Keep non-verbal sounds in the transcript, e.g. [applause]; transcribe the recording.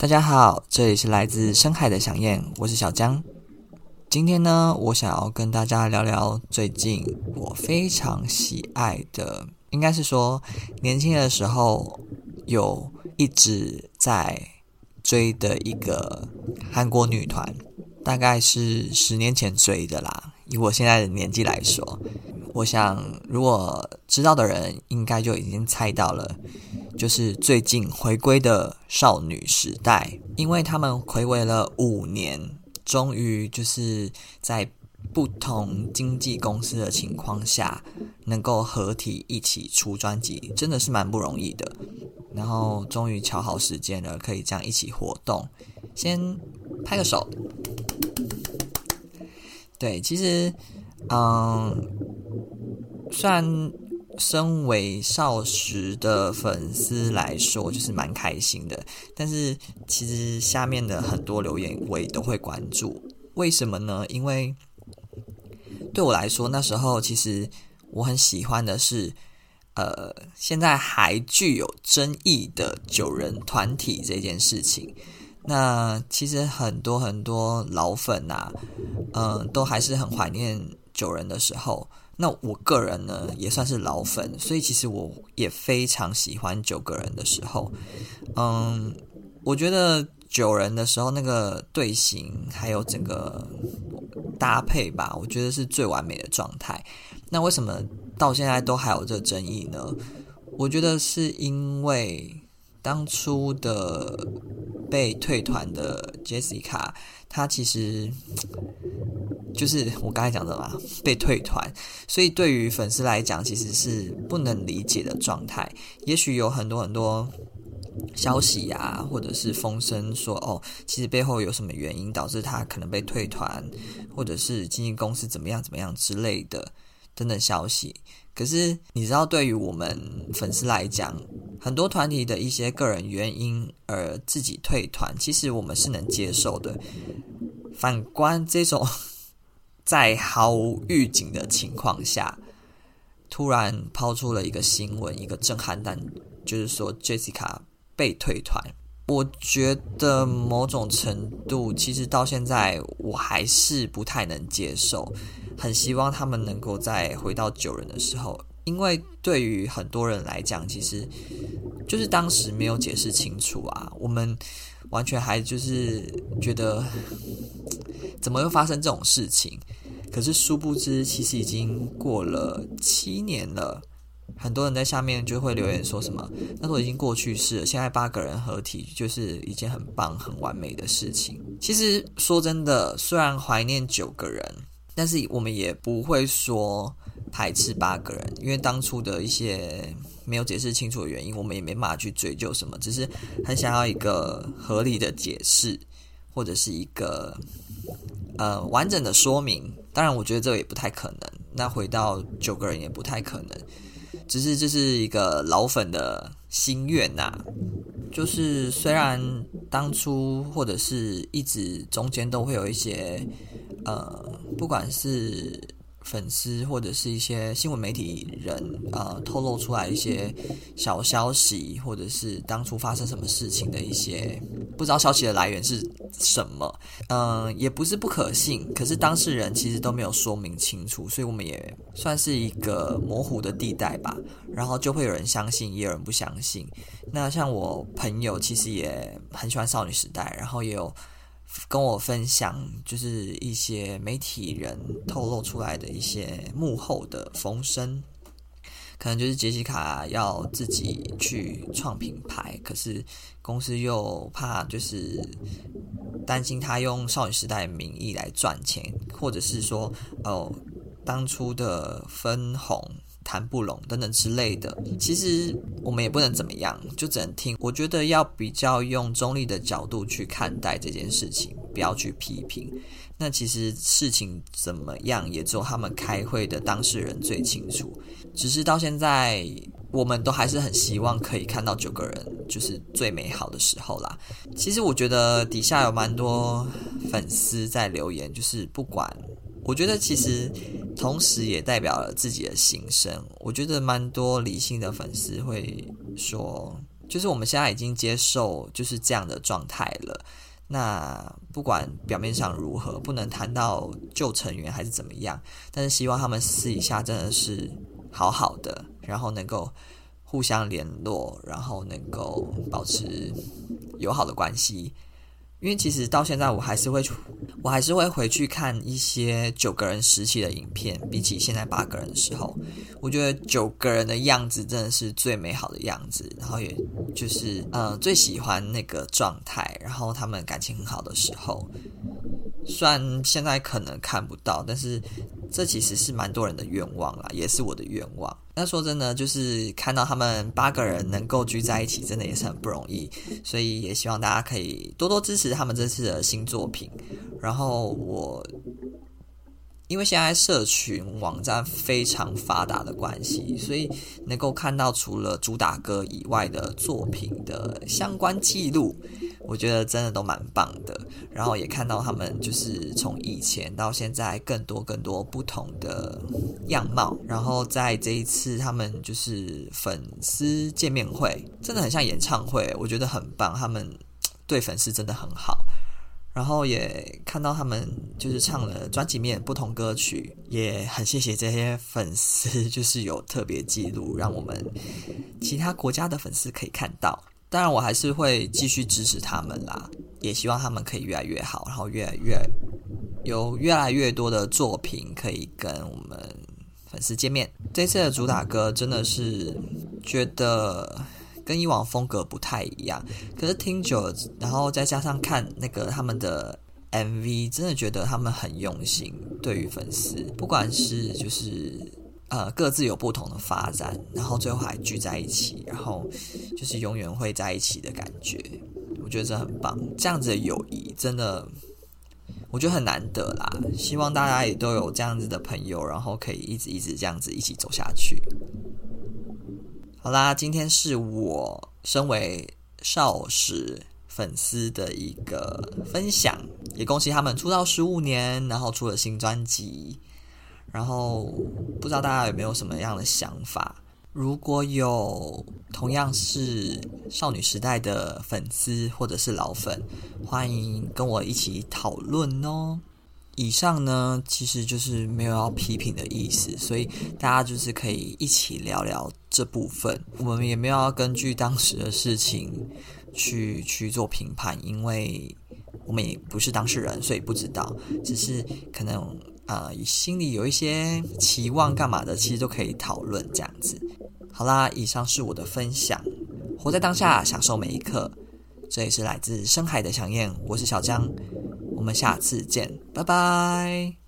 大家好，這裡是來自深海的想念，我是小江。今天呢，我想要跟大家聊聊最近我非常喜愛的，應該是說年輕的時候有一直在追的一個韓國女團，大概是十年前追的啦。以我現在的年紀來說。我想，如果知道的人，應該就已經猜到了，就是最近回歸的少女時代，因為他們睽違了五年，終於就是在不同經紀公司的情況下，能夠合體一起出專輯，真的是蠻不容易的。然後終於瞧好時間了，可以這樣一起活動，先拍個手。對，其實，嗯。雖然身為少時的粉絲來說，就是蠻開心的，但是其實下面的很多留言我也都會關注。為什麼呢？因為對我來說，那時候其實我很喜歡的是，呃，現在還具有爭議的九人團體這件事情。那其實很多很多老粉吶、啊，嗯、呃，都還是很懷念九人的時候。那我個人呢，也算是老粉，所以其實我也非常喜歡九個人的時候。嗯，我覺得九人的時候那個隊形還有整個搭配吧，我覺得是最完美的狀態。那為什麼到現在都還有這個爭議呢？我覺得是因為當初的。被退團的 Jessica，她其實就是我剛才講的嘛，被退團，所以對於粉絲來講，其實是不能理解的狀態。也許有很多很多消息啊，或者是風聲說，哦，其實背後有什麼原因導致她可能被退團，或者是經紀公司怎麼樣怎麼樣之類的。等等，消息，可是你知道，對於我們粉絲來講，很多團體的一些個人原因而自己退團，其實我們是能接受的。反觀這種 [laughs] 在毫無預警的情況下，突然拋出了一個新聞，一個震撼彈，就是說 Jessica 被退團，我覺得某種程度，其實到現在我還是不太能接受。很希望他們能夠再回到九人的時候，因為對於很多人來講，其實就是當時沒有解釋清楚啊，我們完全還就是覺得怎麼會發生這種事情？可是殊不知，其實已經過了七年了。很多人在下面就會留言說什麼：“那都已經過去式了，現在八個人合體就是一件很棒、很完美的事情。”其實說真的，雖然懷念九個人。但是我們也不會說排斥八個人，因為當初的一些沒有解釋清楚的原因，我們也沒辦法去追究什麼。只是很想要一個合理的解釋，或者是一個呃完整的說明。當然，我覺得這個也不太可能。那回到九個人也不太可能，只是這是一個老粉的心願吶、啊。就是雖然當初或者是一直中間都會有一些。呃、嗯，不管是粉絲或者是一些新聞媒體人，呃、嗯，透露出來一些小消息，或者是當初發生什麼事情的一些，不知道消息的來源是什麼，嗯，也不是不可信，可是當事人其實都沒有說明清楚，所以我們也算是一個模糊的地帶吧。然後就會有人相信，也有人不相信。那像我朋友其實也很喜歡少女時代，然後也有。跟我分享，就是一些媒體人透露出來的一些幕後的風聲，可能就是傑西卡要自己去創品牌，可是公司又怕，就是擔心她用少女時代名義來賺錢，或者是說哦、呃，當初的分紅談不攏等等之類的，其實我們也不能怎麼樣，就只能聽。我覺得要比較用中立的角度去看待這件事情，不要去批評。那其實事情怎麼樣，也只有他們開會的當事人最清楚。只是到現在，我們都還是很希望可以看到九個人，就是最美好的時候啦。其實我覺得底下有蠻多粉絲在留言，就是不管。我覺得其實，同時也代表了自己的心聲。我覺得蠻多理性的粉絲會說，就是我們現在已經接受就是這樣的狀態了。那不管表面上如何，不能談到舊成員還是怎麼樣，但是希望他們私底下真的是好好的，然後能夠互相聯絡，然後能夠保持友好的關係。因為其實到現在，我還是會，我還是會回去看一些九個人時期的影片。比起現在八個人的時候，我覺得九個人的樣子真的是最美好的樣子，然後也就是嗯，呃，最喜歡那個狀態。然後他們感情很好的時候，雖然現在可能看不到，但是。這其實是蠻多人的願望啦，也是我的願望。那說真的，就是看到他們八個人能夠聚在一起，真的也是很不容易，所以也希望大家可以多多支持他們這次的新作品。然後我，因為現在社群網站非常發達的關係，所以能夠看到除了主打歌以外的作品的相關記錄。我覺得真的都蠻棒的，然後也看到他們就是從以前到現在更多更多不同的樣貌，然後在這一次他們就是粉絲見面會，真的很像演唱會，我覺得很棒。他們對粉絲真的很好，然後也看到他們就是唱了專輯面不同歌曲，也很謝謝這些粉絲就是有特別記錄，讓我們其他國家的粉絲可以看到。當然，我還是會繼續支持他們啦，也希望他們可以越來越好，然後越來越有越來越多的作品可以跟我們粉絲見面。這次的主打歌真的是覺得跟以往風格不太一樣，可是聽久了，然後再加上看那個他們的 MV，真的覺得他們很用心，對於粉絲，不管是就是。呃，各自有不同的發展，然後最後還聚在一起，然後就是永遠會在一起的感覺。我覺得這很棒，這樣子的友誼真的，我覺得很難得啦。希望大家也都有這樣子的朋友，然後可以一直一直這樣子一起走下去。好啦，今天是我身為少時粉絲的一個分享，也恭喜他們出道十五年，然後出了新專輯。然後不知道大家有沒有什麼樣的想法？如果有同樣是少女時代的粉絲或者是老粉，歡迎跟我一起討論哦。以上呢，其實就是沒有要批評的意思，所以大家就是可以一起聊聊這部分。我們也沒有要根據當時的事情去去做評判，因為我們也不是當事人，所以不知道。只是可能。啊、呃，心裡有一些期望幹嘛的，其實都可以討論這樣子。好啦，以上是我的分享，活在當下，享受每一刻。這裡是來自深海的想念，我是小江，我們下次見，拜拜。